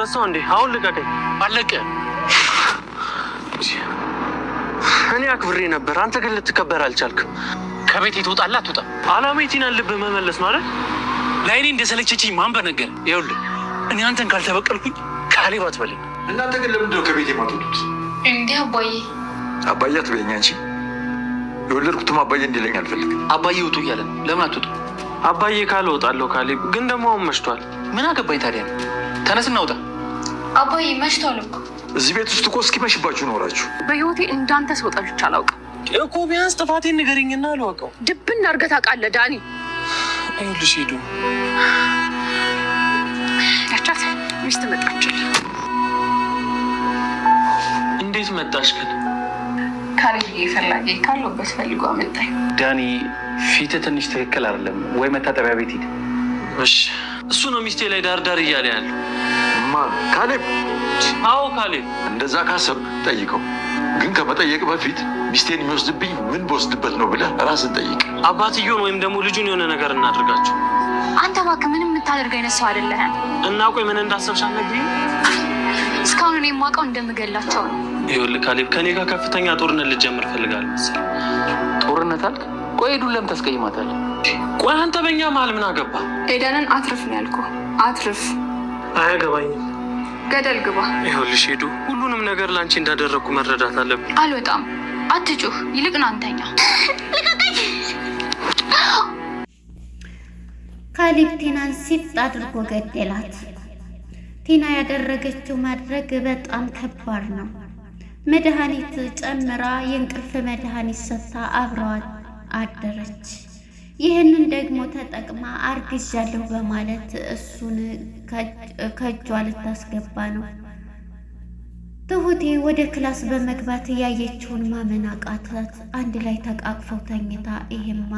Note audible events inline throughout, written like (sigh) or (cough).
ረሳው እንዴ? አሁን ልቀቀኝ። አለቀ። እኔ አክብሬ ነበር፣ አንተ ግን ልትከበር አልቻልክም። ከቤት ትወጣለህ አትወጣም? አላማ የቲናን ልብ መመለስ ነው ማለት ለአይኔ እንደሰለቸችኝ ማን በነገር። ይኸውልህ እኔ አንተን ካልተበቀልኩኝ ካሌብ አትበለኝ። እናንተ ግን ለምንድን ከቤት የማትወጡት? እንዲህ አባዬ አባዬ አትበይኝ አንቺ። የወለድኩትም አባዬ እንዲለኝ አልፈልግም። አባዬ ውጡ እያለ ነው። ለምን አትወጡ? አባዬ ካልወጣለሁ። ካሌብ ግን ደግሞ አሁን መሽቷል። ምን አገባኝ ታዲያ? ተነስ እናውጣ። አባዬ መሽቷል እኮ እዚህ ቤት ውስጥ እኮ እስኪመሽባችሁ ኖራችሁ። በህይወቴ እንዳንተ ሰው ጠልቼ አላውቅም እኮ። ቢያንስ ጥፋቴን ንገረኝና አልዋቀው። ድብን አድርገህ ታውቃለህ ዳኒ። ይኸውልሽ ሂዱ ያቻት ሚስት መጣችል። እንዴት መጣሽ ግን? ካሪዬ ፈላጊ ካለበት ፈልጎ አመጣኝ። ዳኒ ፊት ትንሽ ትክክል አይደለም ወይ? መታጠቢያ ቤት ሂድ እሺ። እሱ ነው ሚስቴ ላይ ዳርዳር እያለ ያለው ማ ካሌብ። አዎ ካሌብ። እንደዛ ካሰብ ጠይቀው። ግን ከመጠየቅ በፊት ሚስቴን የሚወስድብኝ ምን በወስድበት ነው ብለህ ራስን ጠይቅ። አባትዮን ወይም ደግሞ ልጁን የሆነ ነገር እናድርጋቸው። አንተ እባክህ ምንም የምታደርግ አይነት ሰው አይደለህም። እና ቆይ ምን እንዳሰብሽ አልነግሪኝ። እስካሁን እኔ የማውቀው እንደምገላቸው ነው። ይኸውልህ ካሌብ፣ ከኔ ጋር ከፍተኛ ጦርነት ልጀምር እፈልጋለሁ መሰለኝ። ጦርነት አልክ? ቆይ ሄዱን ለምን ታስቀይማታለህ? ቆይ አንተ በእኛ መሀል ምን አገባ? ኤደንን አትርፍ ነው ያልኩህ፣ አትርፍ አያገባኝም። ገደል ግባ። ይኸውልሽ ሄዱ፣ ሁሉንም ነገር ለአንቺ እንዳደረግኩ መረዳት አለብኝ። አልወጣም። አትጩህ። ይልቅ ና እንተኛ። ካሌብ ቲናን ሲጥ አድርጎ ገደላት። ቲና ያደረገችው ማድረግ በጣም ከባድ ነው። መድኃኒት ጨምራ የእንቅልፍ መድኃኒት ሰጥታ አብረዋት አደረች። ይህንን ደግሞ ተጠቅማ አርግዣለሁ በማለት እሱን ከእጇ ልታስገባ ነው። ትሁቴ ወደ ክላስ በመግባት ያየችውን ማመን አቃታት። አንድ ላይ ተቃቅፈው ተኝታ ይሄማ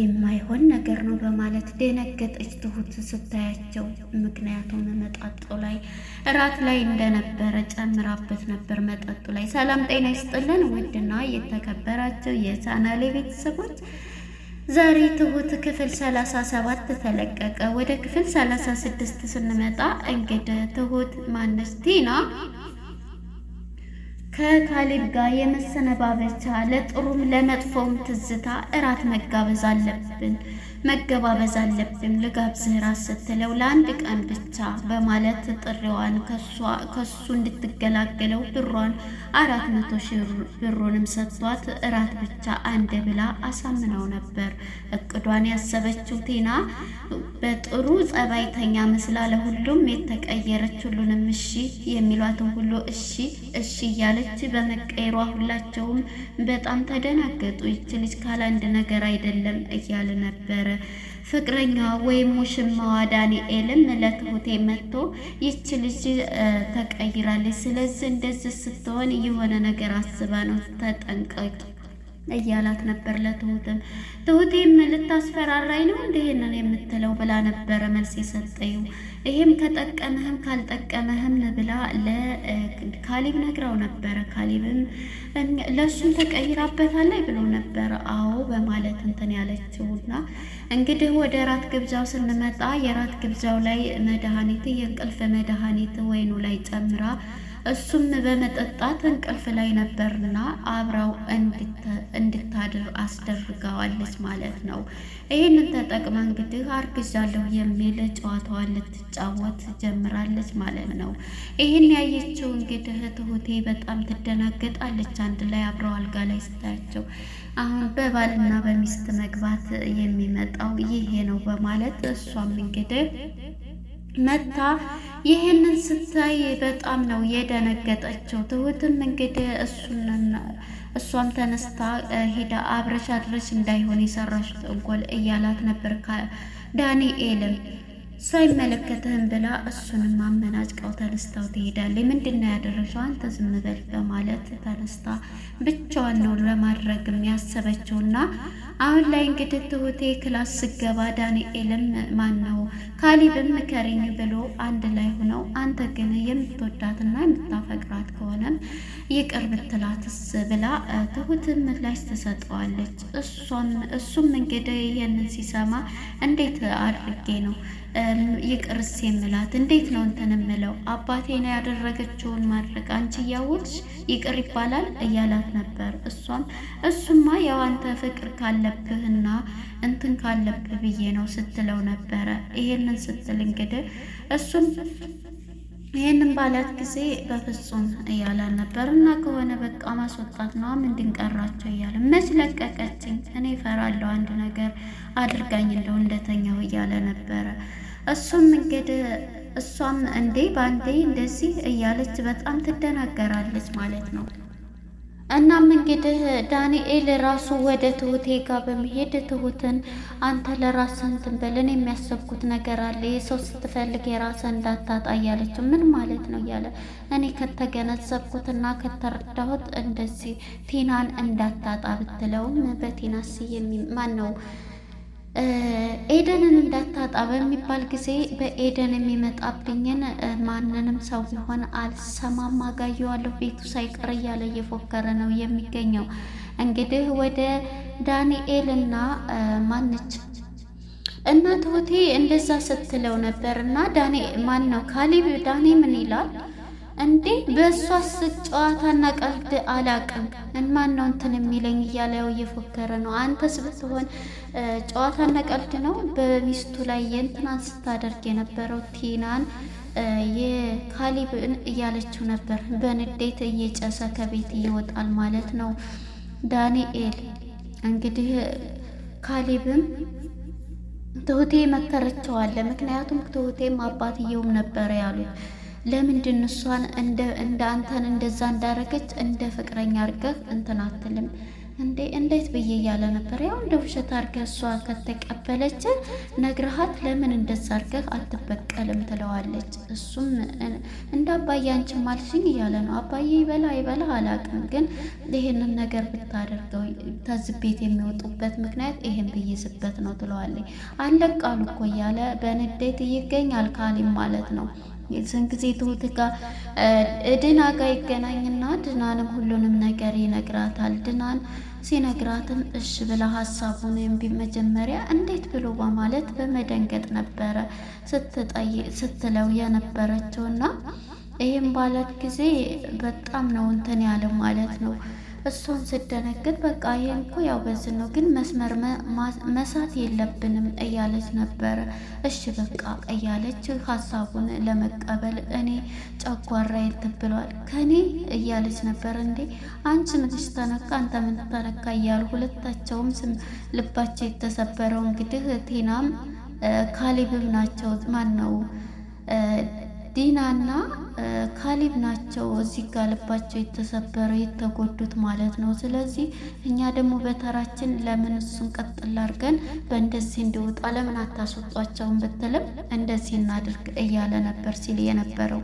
የማይሆን ነገር ነው በማለት ደነገጠች ትሁት ስታያቸው። ምክንያቱም መጠጡ ላይ እራት ላይ እንደነበረ ጨምራበት ነበር መጠጡ ላይ። ሰላም ጤና ይስጥልን ውድና የተከበራቸው የቻናሌ ቤተሰቦች ዛሬ ትሁት ክፍል 37 ተለቀቀ። ወደ ክፍል 36 ስንመጣ እንግዲህ ትሁት ማነች ቲና ከካሌብ ጋር የመሰነባበቻ ለጥሩም ለመጥፎም ትዝታ እራት መጋበዝ አለብን መገባበዝ አለብን ልጋብዝህ ራስ ስትለው ለአንድ ቀን ብቻ በማለት ጥሪዋን ከሱ እንድትገላገለው ብሯን አራት መቶ ሺ ብሩንም ሰጥቷት እራት ብቻ አንድ ብላ አሳምነው ነበር። እቅዷን ያሰበችው ቴና በጥሩ ጸባይተኛ መስላ ለሁሉም የተቀየረች ሁሉንም እሺ የሚሏትን ሁሉ እሺ እሺ እያለች በመቀየሯ ሁላቸውም በጣም ተደናገጡ። ይች ልጅ ካላንድ ነገር አይደለም እያለ ነበር ፍቅረኛዋ ወይም ሙሽማዋ ዳንኤልም ለትሁቴ መጥቶ ይች ልጅ ተቀይራለች፣ ስለዚህ እንደዚህ ስትሆን የሆነ ነገር አስባ ነው፣ ተጠንቀቂ እያላት ነበር። ለትሁትም ትሁቴም ልታስፈራራኝ ነው እንዲህንን የምትለው ብላ ነበረ መልስ የሰጠው። ይሄም ከጠቀመህም ካልጠቀመህም ብላ ለካሊብ ነግራው ነበረ። ካሊብም ለእሱም ላይ ብሎ ነበረ። እንትን ያለችውና እንግዲህ ወደ ራት ግብዣው ስንመጣ የራት ግብዣው ላይ መድኃኒት የእንቅልፍ መድኃኒት ወይኑ ላይ ጨምራ እሱም በመጠጣት እንቅልፍ ላይ ነበርና አብራው እንድታድር አስደርጋዋለች ማለት ነው። ይህንን ተጠቅማ እንግዲህ አርግዣለሁ የሚል ጨዋታዋን ልትጫወት ጀምራለች ማለት ነው። ይህን ያየችው እንግዲህ ትሁቴ በጣም ትደናገጣለች። አንድ ላይ አብረው አልጋ ላይ ስታያቸው አሁን በባልና በሚስት መግባት የሚመጣው ይሄ ነው በማለት እሷም እንግዲህ መታ ይህንን ስታይ በጣም ነው የደነገጠችው። ትሁትም እንግዲህ እሷም ተነስታ ሄዳ አብረሽ አድረሽ እንዳይሆን የሰራሽ ጥንቆል እያላት ነበር። ዳንኤልም እሷ አይመለከትህም ብላ እሱንም አመናጭቀው ተነስታው ትሄዳለች። ምንድን ነው አንተ ዝም በል በማለት ተነስታ ብቻዋን ነው ለማድረግ የሚያሰበችውና አሁን ላይ እንግዲህ ትሁቴ ክላስ ስገባ ዳንኤልም ማን ነው ካሊብም ምከሪኝ ብሎ አንድ ላይ ሆነው አንተ ግን የምትወዳትና የምታፈቅራት ከሆነም ይቅር ብትላትስ ብላ ትሁትን ምላሽ ትሰጠዋለች። እሷም እሱም እንግዲህ ይህንን ሲሰማ እንዴት አድርጌ ነው ይቅርስ የምላት እንዴት ነው እንትን የምለው አባቴ ነው ያደረገችውን ማድረግ አንቺ እያወቅሽ ይቅር ይባላል እያላት ነበር። እሷም እሱማ ያው አንተ ፍቅር ካለ ካለብህና እንትን ካለብህ ብዬ ነው ስትለው ነበረ። ይሄንን ስትል እንግዲህ እሱም ይህንን ባላት ጊዜ በፍጹም እያላል ነበር እና ከሆነ በቃ ማስወጣት ነዋ እንድንቀራቸው እያለ መች ለቀቀችኝ እኔ እፈራለሁ አንድ ነገር አድርጋኝ እንደው እንደተኛው እያለ ነበረ። እሱም እንግዲህ እሷም እንዴ በአንዴ እንደዚህ እያለች በጣም ትደናገራለች ማለት ነው። እናም እንግዲህ ዳንኤል ራሱ ወደ ትሁቴ ጋር በመሄድ ትሁትን አንተ ለራስህ እንትን በለን የሚያሰብኩት ነገር አለ የሰው ስትፈልግ የራስህ እንዳታጣ እያለችው ምን ማለት ነው እያለ እኔ ከተገነዘብኩትና ከተረዳሁት እንደዚህ ቲናን እንዳታጣ ብትለውም በቲናስ ማን ነው ኤደንን እንዳታጣ በሚባል ጊዜ በኤደን የሚመጣብኝን ማንንም ሰው ቢሆን አልሰማም፣ አጋየዋለሁ ቤቱ ሳይቀር እያለ እየፎከረ ነው የሚገኘው። እንግዲህ ወደ ዳንኤልና ማንች እናት ሆቴ እንደዛ ስትለው ነበር እና ዳኔ ማን ነው ካሊብ ዳኔ ምን ይላል እንዴ በእሷ ጨዋታና ቀልድ አላቅም እንማን ነው እንትን የሚለኝ እያለ ያው እየፎከረ ነው። አንተስ ብትሆን ጨዋታና ቀልድ ነው በሚስቱ ላይ የእንትናን ስታደርግ የነበረው ቲናን የካሊብን እያለችው ነበር። በንዴት እየጨሰ ከቤት ይወጣል ማለት ነው ዳንኤል። እንግዲህ ካሊብም ትሁቴ መከረቸዋለ። ምክንያቱም ትሁቴም አባትየውም ነበረ ያሉት ለምንድን እሷን እንደ አንተን እንደዛ እንዳረገች እንደ ፍቅረኛ አርገህ እንትን አትልም እንዴ? እንዴት ብዬ እያለ ነበር። ያው እንደ ውሸት አርገህ እሷ ከተቀበለች ነግረሃት ለምን እንደዛ አርገህ አትበቀልም ትለዋለች። እሱም እንደ አባዬ አንቺም አልሽኝ እያለ ነው። አባዬ ይበላ ይበላ አላቅም፣ ግን ይህንን ነገር ብታደርገው ተዚህ የሚወጡበት ምክንያት ይህን ብይዝበት ነው ትለዋለች። አለቃሉ እኮ እያለ በንዴት ይገኛል ካሊም ማለት ነው። የዚህን ጊዜ ትሁት ጋ ድና ጋ ይገናኝና ድናንም ሁሉንም ነገር ይነግራታል። ድናን ሲነግራትም እሽ ብላ ሀሳቡን ወይም መጀመሪያ እንዴት ብሎ በማለት በመደንገጥ ነበረ ስትለው የነበረችውና ይህም ባለት ጊዜ በጣም ነው እንትን ያለ ማለት ነው እሷን ስደነግጥ በቃ ይህን እኮ ያው በዝን ነው ግን መስመር መሳት የለብንም እያለች ነበረ። እሺ በቃ እያለች ሀሳቡን ለመቀበል እኔ ጨጓራ ትብሏል ከኔ እያለች ነበር። እንዴ አንቺ ምትሽ ተነካ፣ አንተ ምን ተነካ እያሉ ሁለታቸውም ስም ልባቸው የተሰበረው እንግዲህ ቴናም ካሌብም ናቸው። ማን ነው ዲናና ካሊብ ናቸው እዚህ ጋር ልባቸው የተሰበረው የተጎዱት ማለት ነው። ስለዚህ እኛ ደግሞ በተራችን ለምን እሱን ቀጥል አድርገን በእንደዚህ እንዲወጣ ለምን አታስወጧቸውን ብትልም እንደዚህ እናድርግ እያለ ነበር ሲል የነበረው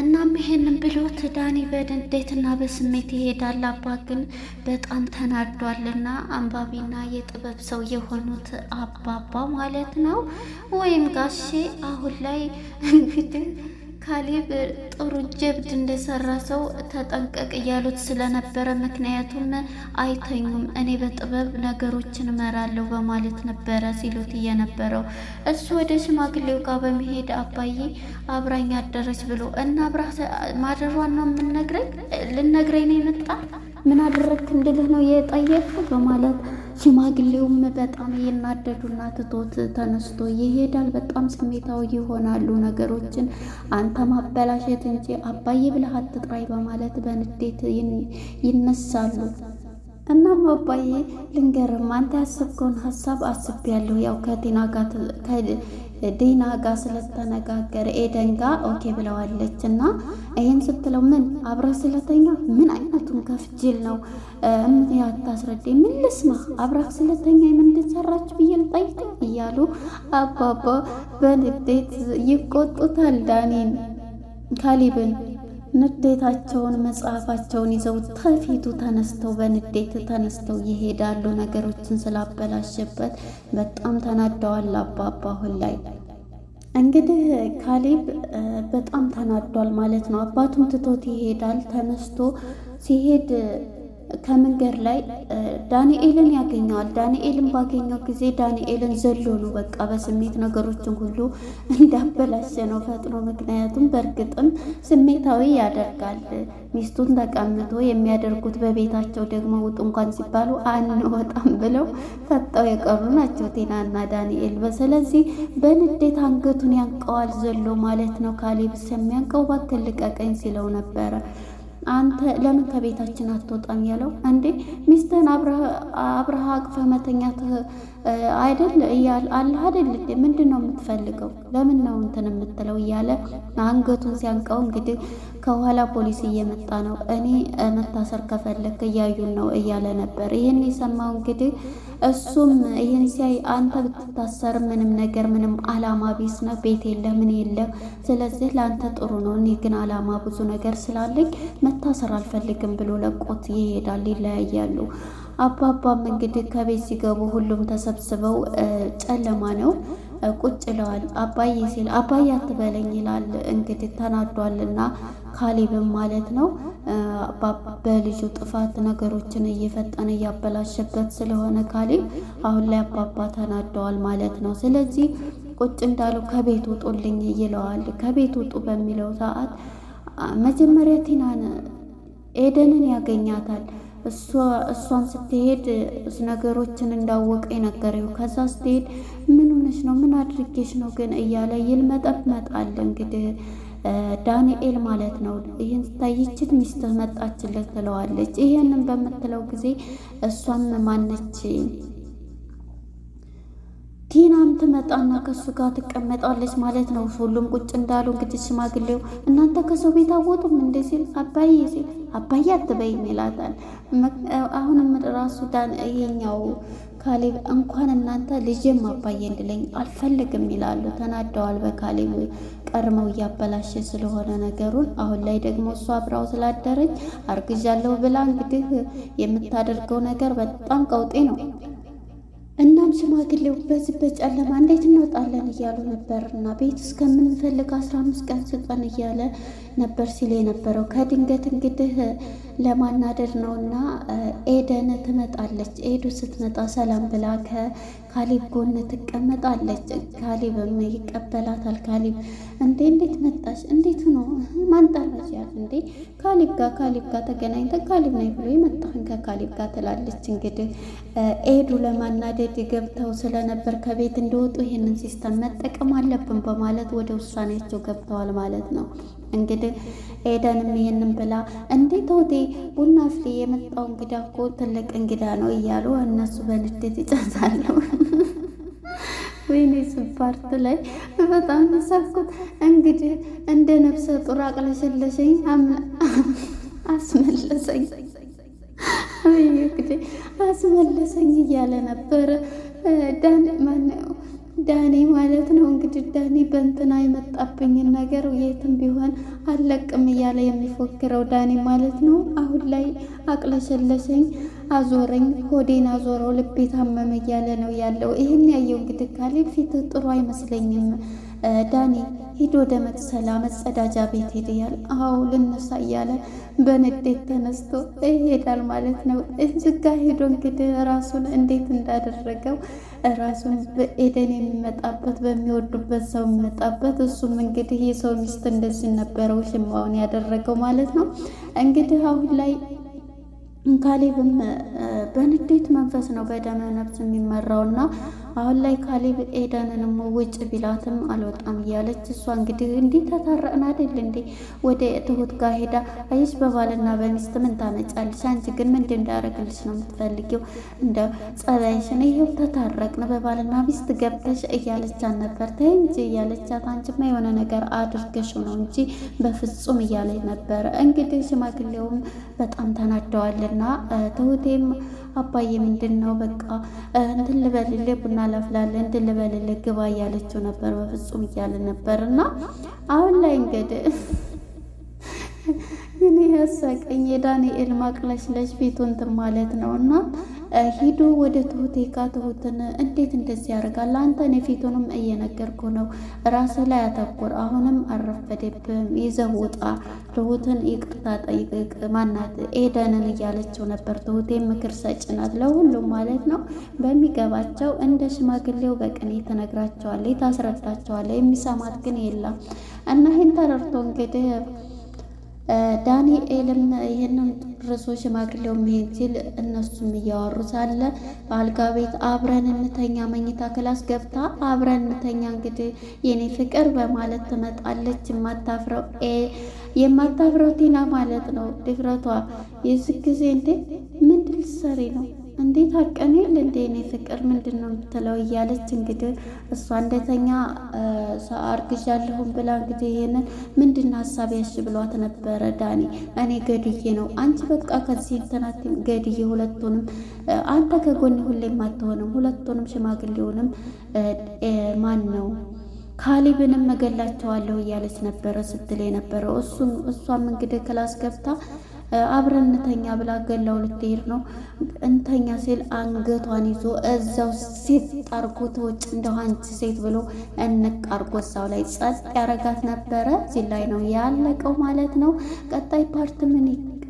እናም ይሄንን ብሎት ዳኒ በንዴትና በስሜት ይሄዳል። አባ ግን በጣም ተናዷልና አንባቢና የጥበብ ሰው የሆኑት አባባ ማለት ነው ወይም ጋሼ አሁን ላይ እንግዲህ ካሌብ ጥሩ ጀብድ እንደሰራ ሰው ተጠንቀቅ እያሉት ስለነበረ ምክንያቱም አይተኙም፣ እኔ በጥበብ ነገሮችን እመራለሁ በማለት ነበረ ሲሉት እየነበረው። እሱ ወደ ሽማግሌው ጋር በመሄድ አባዬ አብራኝ አደረች ብሎ እና አብራ ማደሯን ነው የምንነግረኝ ልነግረኝ ነው የመጣ ምን አደረግክ እንድልህ ነው የጠየቅኩ በማለት ሽማግሌውም በጣም ይናደዱና ትቶት ተነስቶ ይሄዳል። በጣም ስሜታዊ ይሆናሉ። ነገሮችን አንተ ማበላሸት እንጂ አባዬ ብለህ አትጥራይ በማለት በንዴት ይነሳሉ። እናም አባዬ ልንገርም አንተ ያስብከውን ሀሳብ አስቤያለሁ ያው ከቴና ጋር ዲና ጋር ስለተነጋገረ ኤደን ጋር ኦኬ ብለዋለች እና ይህን ስትለው ምን አብረ ስለተኛ ምን አይነቱን ከፍጅል ነው የምታስረዳኝ? ምን ልስማ አብራክ ስለተኛ የምንድንሰራች ብዬ ልጠይቅ እያሉ አባባ በንዴት ይቆጡታል ዳኒን ካሊብን ንዴታቸውን መጽሐፋቸውን ይዘው ተፊቱ ተነስተው በንዴት ተነስተው ይሄዳሉ። ነገሮችን ስላበላሸበት በጣም ተናደዋል። አባባ አሁን ላይ እንግዲህ ካሌብ በጣም ተናዷል ማለት ነው። አባቱም ትቶት ይሄዳል። ተነስቶ ሲሄድ ከመንገድ ላይ ዳንኤልን ያገኘዋል። ዳንኤልን ባገኘው ጊዜ ዳንኤልን ዘሎ ነው በቃ በስሜት ነገሮችን ሁሉ እንዳበላሸ ነው ፈጥኖ። ምክንያቱም በእርግጥም ስሜታዊ ያደርጋል። ሚስቱን ተቀምጦ የሚያደርጉት በቤታቸው ደግሞ ውጡ እንኳን ሲባሉ አንወጣም ብለው ፈጠው የቀሩ ናቸው ቴናና ዳንኤል። በስለዚህ በንዴት አንገቱን ያንቀዋል ዘሎ ማለት ነው። ካሌብ ሰሚያንቀው ባክልቀቀኝ ሲለው ነበረ አንተ ለምን ከቤታችን አትወጣም ያለው እንዴ ሚስትህን አብረሃ አቅፈ መተኛት አይደል እያል አለ አይደል ምንድን ነው የምትፈልገው ለምን ነው እንትን የምትለው እያለ አንገቱን ሲያንቀው እንግዲህ ከኋላ ፖሊስ እየመጣ ነው እኔ መታሰር ከፈለግ እያዩን ነው እያለ ነበር ይህን የሰማው እንግዲህ እሱም ይህን ሲያይ አንተ ብትታሰር ምንም ነገር ምንም አላማ ቢስ ነው ቤት የለ ምን የለም ስለዚህ ለአንተ ጥሩ ነው እኔ ግን አላማ ብዙ ነገር ስላለኝ መታሰር አልፈልግም ብሎ ለቆት ይሄዳል። ይለያያሉ። አባባም እንግዲህ ከቤት ሲገቡ ሁሉም ተሰብስበው ጨለማ ነው ቁጭ ለዋል። አባዬ ሲል አባዬ አትበለኝ ይላል። እንግዲህ ተናዷልና ካሌብም ማለት ነው በልጁ ጥፋት ነገሮችን እየፈጠነ እያበላሸበት ስለሆነ ካሌብ አሁን ላይ አባባ ተናደዋል ማለት ነው። ስለዚህ ቁጭ እንዳሉ ከቤት ውጡልኝ ይለዋል። ከቤት ውጡ በሚለው ሰዓት መጀመሪያ ቲናን ኤደንን ያገኛታል። እሷን ስትሄድ ነገሮችን እንዳወቀ የነገረው ከዛ ስትሄድ ምን ሆነች ነው ምን አድርጌች ነው ግን እያለ ይልመጠፍ መጣል እንግዲህ ዳንኤል ማለት ነው። ይህን ስታይችት ሚስትህ መጣችለት ትለዋለች። ይሄንን በምትለው ጊዜ እሷም ማነች ቲናም ትመጣና ከሱ ጋር ትቀመጣለች ማለት ነው። ሁሉም ቁጭ እንዳሉ እንግዲህ ሽማግሌው እናንተ ከሰው ቤት አወጡም እንደ ሲል አባዬ ሲል አባዬ አትበይ ይላታል። አሁንም ራሱ ዳን ይሄኛው ካሌብ እንኳን እናንተ ልጅም አባዬ እንድለኝ አልፈልግም ይላሉ። ተናደዋል። በካሌብ ቀድመው እያበላሸ ስለሆነ ነገሩን አሁን ላይ ደግሞ እሱ አብራው ስላደረች አርግዣለሁ ብላ እንግዲህ የምታደርገው ነገር በጣም ቀውጤ ነው። እናም ሽማግሌው በዚህ በጨለማ እንዴት እንወጣለን እያሉ ነበርና ቤት እስከምንፈልግ አስራ አምስት ቀን ስጠን እያለ ነበር ሲል የነበረው። ከድንገት እንግዲህ ለማናደድ ነው እና ኤደን ትመጣለች። ኤዱ ስትመጣ ሰላም ብላ ከካሊብ ጎን ትቀመጣለች። ካሊብም ይቀበላታል። ካሊብ እንዴ እንዴት መጣሽ? እንዴት ነው ማንጠራች? ያ እንዴ ካሊብ ጋር ካሊብ ጋር ተገናኝተ ካሊብ ነኝ ብሎ የመጣህን ከካሊብ ጋር ትላለች። እንግዲህ ኤዱ ለማናደድ ገብተው ስለነበር ከቤት እንደወጡ ይህንን ሲስተም መጠቀም አለብን በማለት ወደ ውሳኔያቸው ገብተዋል ማለት ነው እንግዲህ ኤደንም ይሄንን ብላ እንዴት ሆቴ ቡና ፍሌ የመጣው እንግዳ እኮ ትልቅ እንግዳ ነው እያሉ እነሱ በንዴት ይጨሳሉ። (laughs) ወይኔ ስፓርት ላይ በጣም ተሳኩት። እንግዲህ እንደ ነፍሰ ጡር አቅለሸለሸኝ አስመለሰኝ እንግዲህ አስመለሰኝ እያለ ነበረ ዳን ማነው ዳኒ ማለት ነው እንግዲህ ዳኒ በእንትና የመጣብኝን ነገር የትም ቢሆን አለቅም እያለ የሚፎክረው ዳኒ ማለት ነው። አሁን ላይ አቅለሸለሸኝ፣ አዞረኝ፣ ሆዴን አዞረው፣ ልቤ ታመመ እያለ ነው ያለው። ይህን ያየው እንግዲህ ካሌብ ፊት ጥሩ አይመስለኝም ዳኒ ሂዶ ወደ መቅሰላ መጸዳጃ ቤት ሄድ አዎ ልነሳ እያለ በንዴት ተነስቶ ይሄዳል ማለት ነው። እዝጋ ሄዶ እንግዲህ ራሱን እንዴት እንዳደረገው ራሱን በኤደን የሚመጣበት በሚወዱበት ሰው የሚመጣበት እሱም እንግዲህ የሰው ሚስት እንደዚህ ነበረው ሽማውን ያደረገው ማለት ነው። እንግዲህ አሁን ላይ ካሌብም በንዴት መንፈስ ነው በደመ ነፍስ የሚመራውና አሁን ላይ ካሌብ ኤደንንም ውጭ ቢላትም አልወጣም እያለች እሷ እንግዲህ እንዲህ ተታረቅን አይደል እንዴ ወደ ትሁት ጋር ሄዳ አይሽ በባልና በሚስት ምን ታመጫለሽ? አንቺ ግን ምንድ እንዳረግልሽ ነው የምትፈልጊው? እንደ ጸባይሽን ይሄው ተታረቅን በባልና ሚስት ገብተሽ እያለቻት ነበር። ተይ እንጂ እያለቻት አንቺማ የሆነ ነገር አድርገሽው ነው እንጂ በፍጹም እያለች ነበረ። እንግዲህ ሽማግሌውም በጣም ተናደዋልና ትሁቴም አባዬ ምንድን ነው በቃ እንትን ልበልልህ፣ ቡና ላፍላለህ፣ እንትን ልበልልህ፣ ግባ እያለችው ነበር። በፍጹም እያለ ነበር እና አሁን ላይ እንግዲህ (laughs) እኔ ያሳቀኝ የዳንኤል ማቅለሽለሽ ፊቱን እንትን ማለት ነው እና ሂዶ ወደ ትሁቴ ጋ ትሁትን እንዴት እንደዚህ ያደርጋል? አንተ እኔ ፊቱንም እየነገርኩ ነው። ራስ ላይ አተኩር። አሁንም አረፈደብህም። ይዘህ ውጣ። ትሁትን ይቅርታ ጠይቅ። ማናት ኤደንን እያለችው ነበር። ትሁቴ ምክር ሰጭ ናት፣ ለሁሉም ማለት ነው። በሚገባቸው እንደ ሽማግሌው በቅኔ ትነግራቸዋለች፣ ታስረዳቸዋለች። የሚሰማት ግን የለም እና ይህን ተረድቶ እንግዲህ ዳንኤልም ይህንን ርዕሶ ሽማግሌው መሄድ ሲል እነሱም እያወሩ ሳለ በአልጋ ቤት አብረን እንተኛ መኝታ ክላስ ገብታ አብረን እንተኛ እንግዲህ የኔ ፍቅር በማለት ትመጣለች። የማታፍረው ኤ የማታፍረው ቲና ማለት ነው ድፍረቷ። የዚህ ጊዜ እንዴ ምንድን ልትሰሪ ነው እንዴት አቀኔል እንዴ እኔ ፍቅር ምንድን ነው የምትለው እያለች እንግዲህ እሷ እንደተኛ አርግዣለሁም ብላ እንግዲህ ይሄንን ምንድን ሀሳብ ያሽ ብሏት ነበረ ዳኒ። እኔ ገድዬ ነው አንቺ በቃ ከዚህ እንትናት ገድዬ ሁለቱንም አንተ ከጎን ሁሌም አትሆንም። ሁለቱንም ሽማግሌውንም ማን ነው ካሊብንም መገላቸዋለሁ እያለች ነበረ ስትል የነበረው እሱም እሷም እንግዲህ ክላስ ገብታ አብረን እንተኛ ብላ ገላው ልትሄድ ነው። እንተኛ ሲል አንገቷን ይዞ እዛው ሴት ጣርጎ ተወጭ እንደው አንቺ ሴት ብሎ እንቅ አርጎ እዛው ላይ ጸጥ ያረጋት ነበረ። እዚህ ላይ ነው ያለቀው ማለት ነው። ቀጣይ ፓርት ምን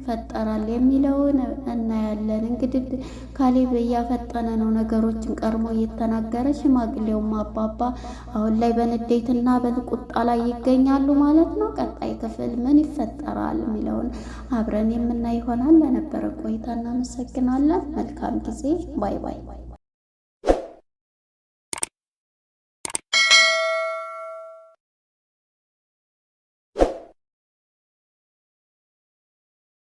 ይፈጠራል የሚለውን እናያለን። እንግዲህ ካሌብ እያፈጠነ ነው ነገሮችን ቀድሞ እየተናገረ ሽማግሌውም አባባ አሁን ላይ በንዴትና በቁጣ ላይ ይገኛሉ ማለት ነው። ቀጣይ ክፍል ምን ይፈጠራል የሚለውን አብረን የምናይ ይሆናል። ለነበረ ቆይታ እናመሰግናለን። መልካም ጊዜ። ባይ ባይ።